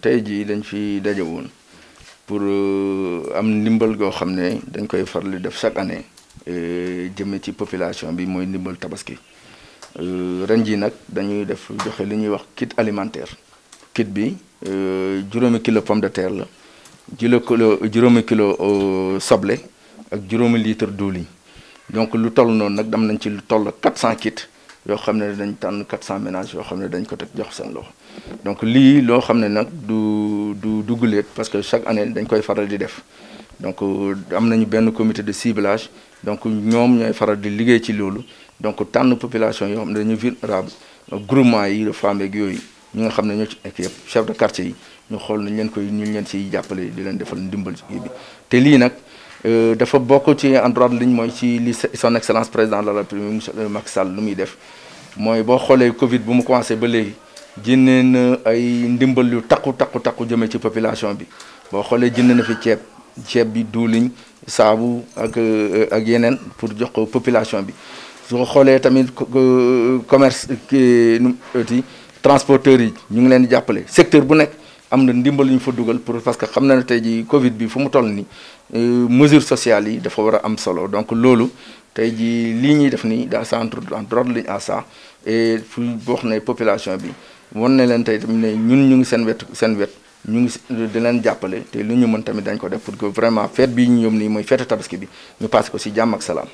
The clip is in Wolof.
tey jii dañ fi daje woon pour euh, am ndimbal goo xam ne dañ koy farli def chaque année jëme ci population bi mooy ndimbal tabaski euh, ren jii nag dañuy def joxe li ñuy wax kit alimentaire kit bi euh, juróomi kilo pomme de terre la jilo kilo juróomi kilo soble ak juróomi litre diwlin donc lu toll noonu nag dem nañ ci lu toll cent kit yoo xam dañ tànn 400 ménages yoo xam dañ ko teg jox seen loxo donc li lo xamné nak du du duguleet parce que chaque année dañ koy faral di def donc euh, am nañu benn comité de ciblage donc ñom ñoy faral di liggéey ci lolu donc tànn population yo xamné ne dañu vulnérable groupement yi de femmes ak yoy ñi nga xam ñoo ci nekk chef de quartier yi ñu xool nañ leen koy ñu leen ci jappalé di leen defal ndimbal ci bi té li nak euh, dafa bokk ci endroit liñ ligne mooy ci li son excellence président de la République monsieur euh, Macky Sall lu muy def mooy boo xoolee Covid bu mu commencé ba léegi jëndee na ay ndimbal yu takku takku takku jëmee ci population bi boo xoolee jënd na fi ceeb ceeb bi duuliñ saabu ak euh, ak yeneen pour jox ko population bi soo xoolee tamit commerce qui transporteurs yi ñu ngi leen di jàppale secteur bu nekk. am na ndimbal ñu fa dugal pour parce que xam na ne tey jii Covid bi fu mu toll nii euh, mesures sociale yi dafa war a am solo donc loolu tey jii lii ñuy def nii daa centre en droite ligne à ça fu boo xam population bi wan na leen tey ñun ñu ngi seen wet seen wet ñu ngi di leen jàppale te lu ñu mën tamit dañ ko def pour que vraiment fête bi ñu ñoom nii mooy fête tabaski bi ñu passé ko si jàmm ak salaam.